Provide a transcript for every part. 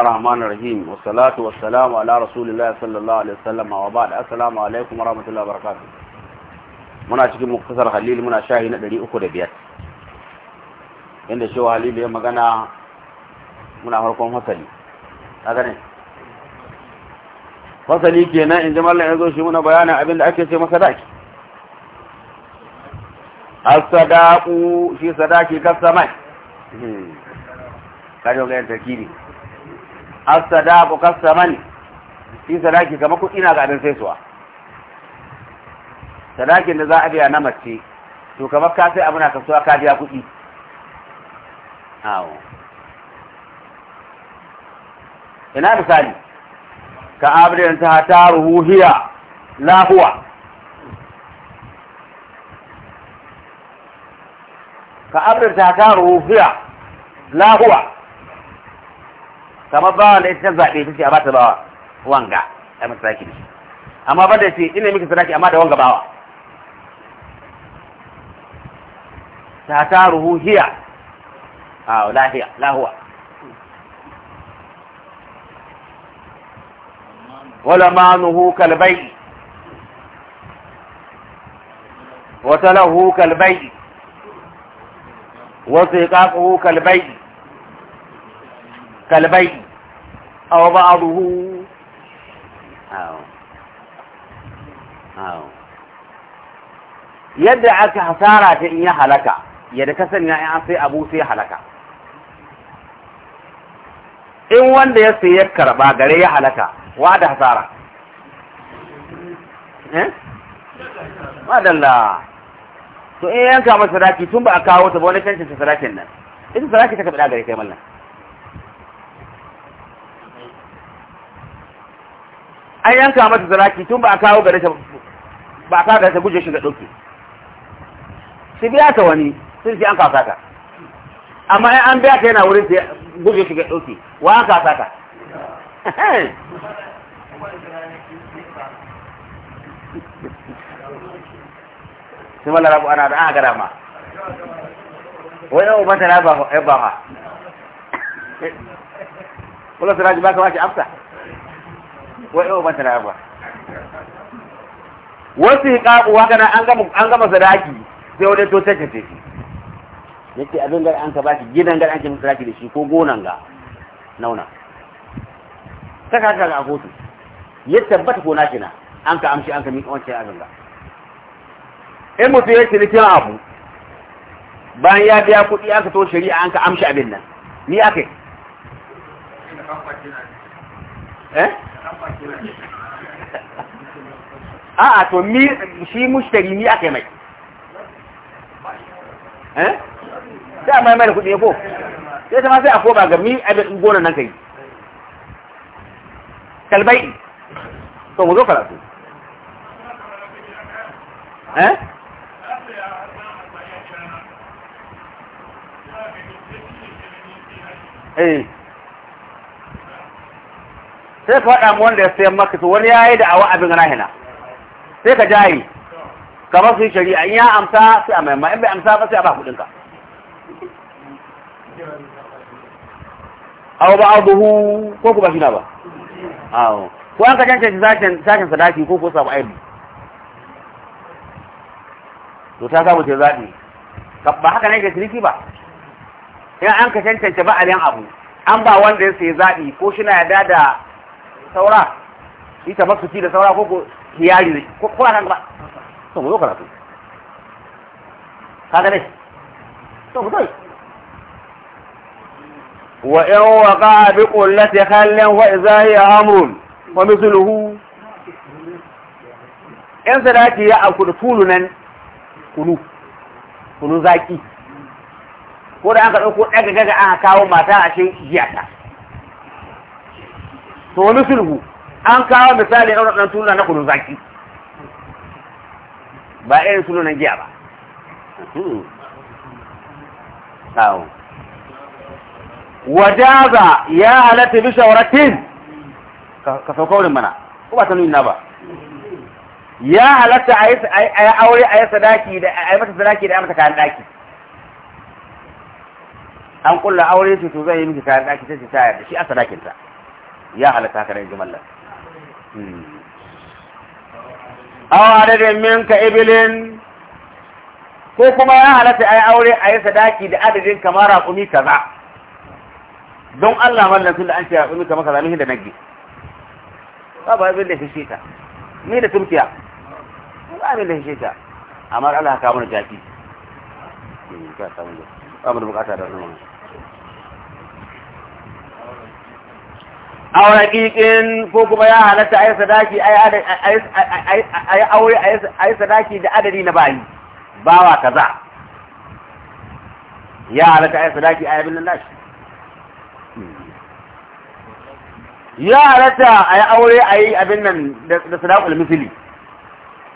الرحمن الرحيم والصلاة والسلام على رسول الله صلى الله عليه وسلم وبعد السلام عليكم ورحمة الله وبركاته muna cikin muktasar halil muna shahi na ɗari uku da biyar inda cewa Halil ya magana muna farkon fasali fasali kenan in ji ya zo shi muna bayanin abin da ake ce masa daki shi sadaki as-sadaqu kasaman shi sadaki kamar kuɗi na ga abin saisuwa sadakin da za a biya na mace to kamar ka sai abu na kasuwa ka biya kuɗi awo ina misali ka abin ta ta ruhiya lahuwa ka abin ta ta ruhiya lahuwa kamar ba wanda ita ta zaɓe ta ce a bata bawa wanga a mata sadaki da shi amma ba da ce ina miki sadaki amma da wanga bawa ta ta ruhu hiya a lahiya lahuwa wala nuhu kalbai wata lahu kalbai wasu ya kalbai kalbai aw ba'dahu aw yadda aka hasara ta in ya halaka yadda ka sani ya sai abu sai halaka in wanda ya sai ya karba gare ya halaka wa da hasara eh madalla to in yanka masa sadaki tun ba a kawo ta ba wani kancin sadakin nan ita sadaki ta kaɓi gare kai mallan an yanka mata zaraki tun ba a kawo gare ta ba a kawo gare ta guje shi ga ɗauke su biya ta wani sun ce an kasa ta amma an biya ta yana wurin ta guje shi ga ɗauke wa an kasa ta su mala rabu ana da an gara ma wai yau mata na ba ha kula su ba ka wace amsa wa yau ban tana ba wasu yi haka na an gama sadaki sai wani to tace ce shi abin gar an ka baki gidan gar an ka sadaki da shi ko gonan ga nauna ta kaka ga kotu ya tabbata ko na kina an ka amshi an ka miƙa wancan abin ga in mutum ya cinikin abu bayan ya biya kuɗi aka to shari'a an ka amshi abin nan ni aka yi eh a'a to mi shi mushtari ni ake mai eh da mai mai kudi ko sai ta ma sai a koma ga mi abin gona nan kai kalbai to mu zo karatu eh eh sai ka faɗa wanda ya sayan maka su wani yayi da awa abin rahina sai ka jayi kamar su yi shari'a in ya amsa sai a maimma in bai amsa ba sai a ba kuɗinka awa ba abu hu ko ku ba shi na ba awo ko an ka cancanci sashen sadaki ko ko ku aibu to ta samu ce zaɓi ba haka ne ga ciniki ba in an ka cancanta ba a abu an ba wanda ya sai zaɓi ko shi na yarda da saura ba su ci da saura ko hiyari ne ko kuma nan ba to mu zo karatu kaga ne to mu dai wa in waqa bi qullati khallin wa idha hiya amrun wa mithluhu in sadaki ya aku fulu nan kunu kunu zaki ko da aka dauko daga daga aka kawo mata a cikin jiyata to wani sulhu an kawo misali na ɗan tuna na kunun zaki ba irin sulhu na giya ba hmm. wajaza ya halatta bisa wuratin ka saukaurin mana ko ba ta na ba ya halatta a yi aure a yi sadaki da a yi mata sadaki da ya mata kayan daki an kulla aure su to zai yi miki kayan daki sai ta da shi a sadakinta ya halatta haka ne jimallar hmm. awa adadin minka ibilin ko kuma ya halatta a yi aure a yi sadaki da adadin kamar raƙumi kaza don Allah mallan tun da an ce kumi kamar kaza mihin da nagge ba ba abin da fishe ta ni da turkiya ba abin da shi ta amma Allah ka mana hmm, jaki ba mu da bukata da wannan a raqiqin ko kuma ya halatta yi sadaki a yi aure sadaki da adadi na bayi bawa kaza ya halatta yi sadaki yi abin nashi ya halatta yi aure yi abin nan da sadakul misili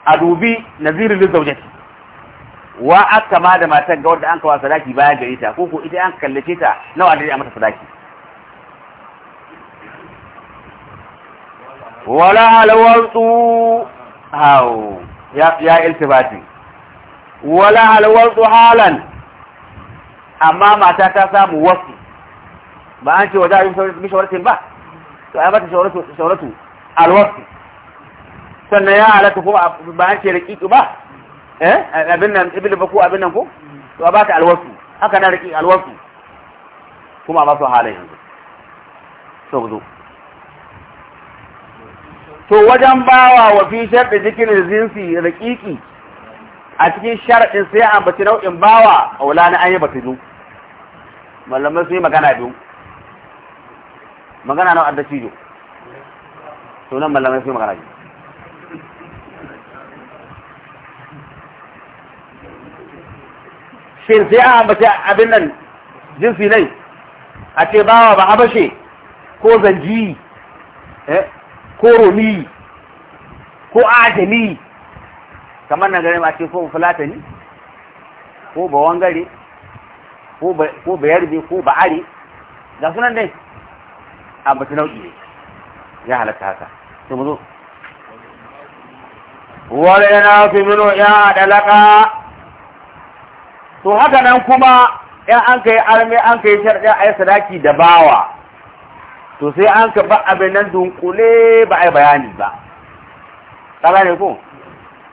a dubi nazirin lizaujati wa aka ma da matar ga wanda an kawo sadaki baya gare ta ko ko ita an kallace ta nawa da a mata sadaki wala alwasu hau ya ya iltibati wala alwasu halan amma mata ta samu wasu ba an ce wa yi mishawaratin ba to ai mata shawaratu shawaratu alwasu sannan ya halatta ko ba an ce raqiqu ba eh abin nan ba ko abin nan ko to ba ta alwasu haka na raqiq alwasu kuma ba su halayen su so to wajen bawa wa fi sharɗi zikirin zinsi raƙiƙi a cikin sharaɗin sai an bace nau'in bawa a wula na an yi zo malamai sun yi magana biyu magana nau'ar da cijo sunan malamai sun yi magana biyu shin sai an ambaci abin nan jinsi nai a ce bawa ba habashe ko zanji eh ko romi ko ajami kamar nan gari ma ce ko fulatani ko ba wangare ko ba yarbe ko ba are ga sunan dai a batu nau'i ne ya halatta haka sai mu zo wala yana fi mino ya dalaka to haka nan kuma 'yan an kai armi an kai sharɗi a yi sadaki da bawa to sai an ka ba abin nan dunkule ba a yi bayani ba kala ne ko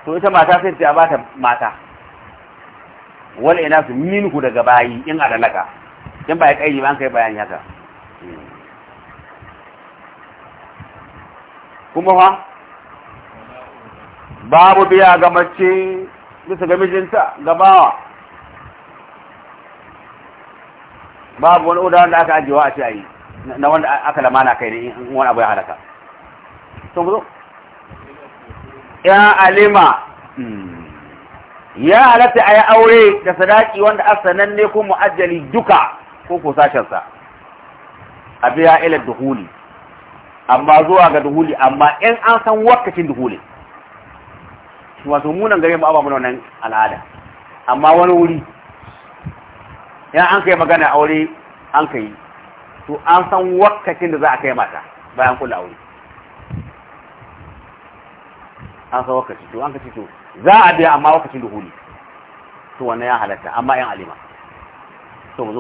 to ita mata sai ta bata mata wal ina su minku daga bayi in dalaka in ba ya kai ba an kai bayani haka kuma ha babu biya ga mace bisa ga mijinta ga bawa babu wani oda da aka ajiyewa a ce a yi na wanda aka lamana kai ne in wani abu ya halaka to mu zo ya alima ya halatta a yi aure da sadaki wanda a sananne ko mu'ajjali duka ko ko sashensa a biya ila duhuli amma zuwa ga duhuli amma in an san wakacin duhuli wasu munan gare mu aba mun wannan al'ada amma wani wuri ya an kai magana aure an kai to an san wakacin da za a kai mata bayan kula aure an san wakaci to an kace to za a biya amma wakacin duhuli to wannan ya halatta amma yan alima to mu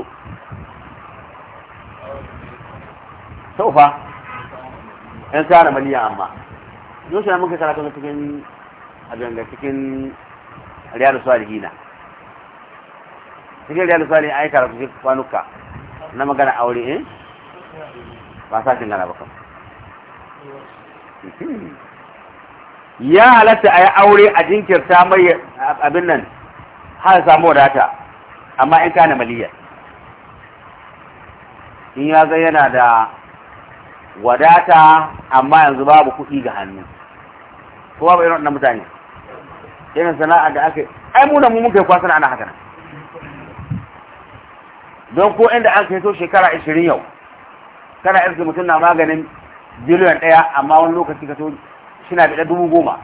zo fa yan tsara maliya amma yau shi muka karatu na cikin abin da cikin riyadu salihina cikin riyadu salihina ai da cikin kwanuka na magana aure eh Fasashin gana ba ya halatta a yi aure a jinkirta mai abin nan har samu wadata amma in kana maliya in ya zai yana da wadata amma yanzu babu kuɗi ga hannu ko babu irin waɗannan mutane irin sana'a da aka ai mu mu muke yi kwasana ana haka nan don ko inda an kai so shekara 20 yau kana iska mutum na maganin biliyan ɗaya amma wani lokaci ka so shina da dubu goma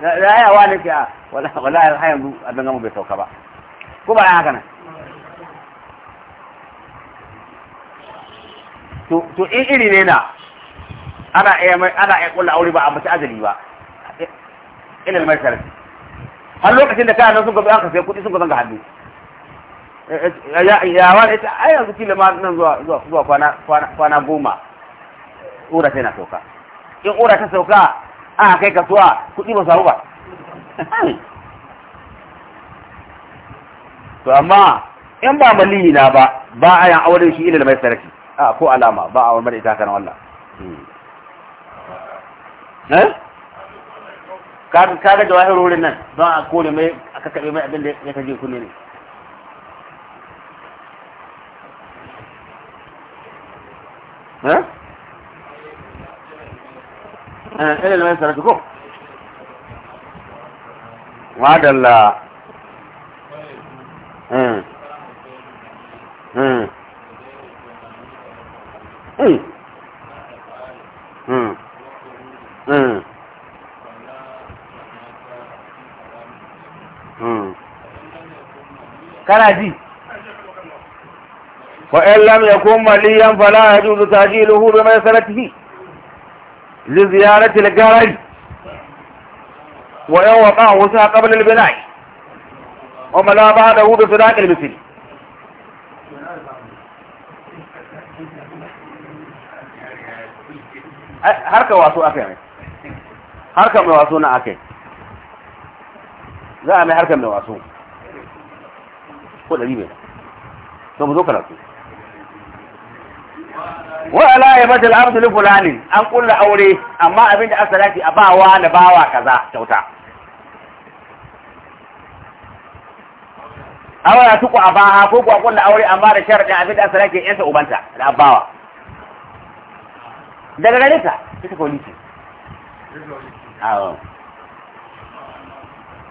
da ya wani ke a ah, wala hayan yanzu abin gama bai sauka ba ko ba haka nan to in iri ne na ana iya ana iya kulla aure ba a mace azali ba ilal mai sarki har lokacin da kana sun gaba aka sai kudi sun gaba ga hannu ya wani ita ai yanzu kila ma nan zuwa zuwa kwana goma ƙura ta na sauka in ƙura ta sauka a kai kasuwa kuɗi ba samu ba to amma in ba maliyi na ba ba a yan aure shi ilil mai sarki a ko alama ba a wani ita kan wallah hmm. eh? ka ga jawahir wurin nan don a kone mai aka kaɓe mai abin da ya kaje kunne ne ha? Eh, eh, eh, ko? Hmm. Hmm. Hmm. kana ji فإن لم يكن مليا فلا يجوز تأجيله بميسرته لزيارة الجرج وإن وقع وسع قبل البناء لا بعده بصداق المثل هركا واسو أكي هركا من mai wasu زعمي هركا من واسو a mai harka mai wasu ko Wala ya bata al'abdu li fulanin an kulla aure amma abinda aka dace a bawa na bawa kaza kyauta ya tuku a baha ko ku a kulla aure amma da sharadin abinda aka dace ta ubanta da abawa daga gare ta ita polisi awo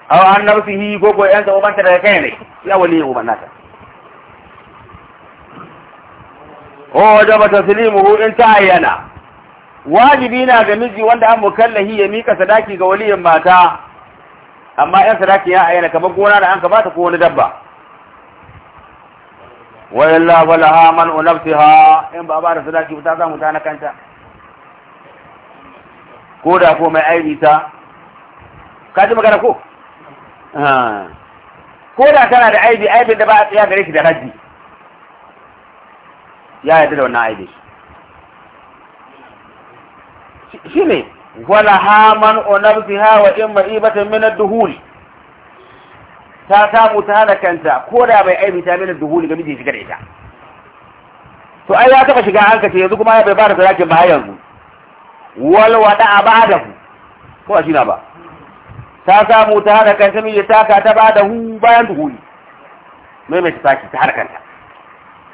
awo an nafsihi ko ko ta ubanta daga kai ne ya wali ubanta wa wajaba taslimuhu in ta ayyana wajibi na ga miji wanda an mukallahi ya mika sadaki ga waliyin mata amma yan sadaki ya ayyana kamar gona da an ka bata ko wani dabba wa illa walaha man unafsiha in ba ba da sadaki ba ta samu ta na kanta ko da ko mai aini ta ka ji magana ko ko da tana da aibi aibin da ba a tsaya gare shi da haji ya yarda da wannan aibe shi ne wala haman ziha wa in ma'ibatan min minar duhul ta samu ta hana kanta ko da bai aibi ta min ad ga miji shiga da ita to ai ya taba shiga hanka ce yanzu kuma ya bai ba da sadakin ba yanzu wal wada ba'dahu ko shi na ba ta samu ta hana kanta miji ta ka ta ba da hu bayan duhuli mai mai ta saki ta hana kanta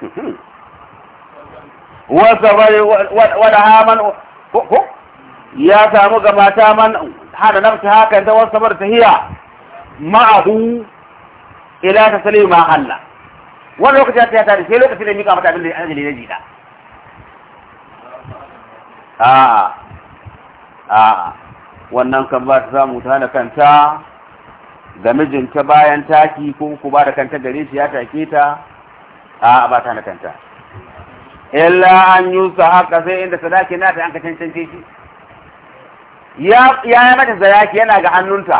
hmm, hmm. wasabar wada haman ya samu ga mata man hada nafsi hakan ta wasabar tahiya ma'ahu ila ta salima Allah, wani lokaci ya tare sai lokacin da mika mata abin da ajali na da. a a wannan kan ba ta samu ta hana kanta ga mijinta bayan taki ko ku ba da kanta gare shi ya take ta a ba ta hana kanta illa an yusa haka sai inda sadaki na ta an ka cancance shi ya ya mata zayaki yana ga hannunta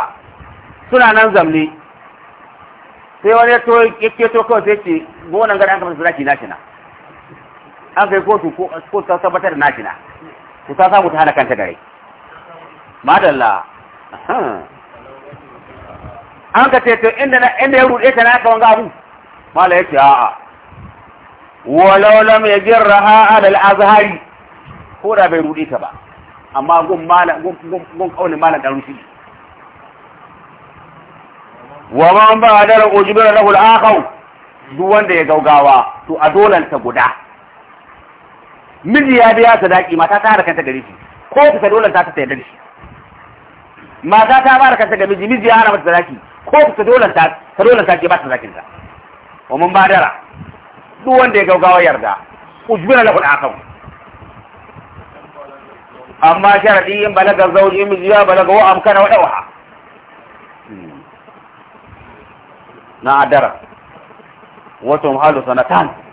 suna nan zamne sai wani ya to yake to kawai sai ce gonan gari an ka mata sadaki na shi na an kai kotu ko ta tabbatar da na na ku ta samu ta hana kanta gare madalla an ka ce to inda ya rude ta na ka wanga abu mala yake a'a walau lam yajraha ala al-azhari ko da bai rude ta ba amma gun malam gun gun kaulin malam dan rufi wa ba da rujubira lahu al-akhaw duk wanda ya gaugawa to a ta guda miji ya biya sadaki mata ta harkanta gari shi ko ta dolan ta ta da shi mata ta ba harkanta ga miji miji ya hana mata sadaki ko ta dolan ta dolanta ke ba zakin ta wa mun ba'dara duk wanda ya gaugawa yarda ujbina lahu al-aqab amma sharadi in balaga zawji miji ya balaga wa amkana wa dawha hmm. na adara wato mahalu sanatan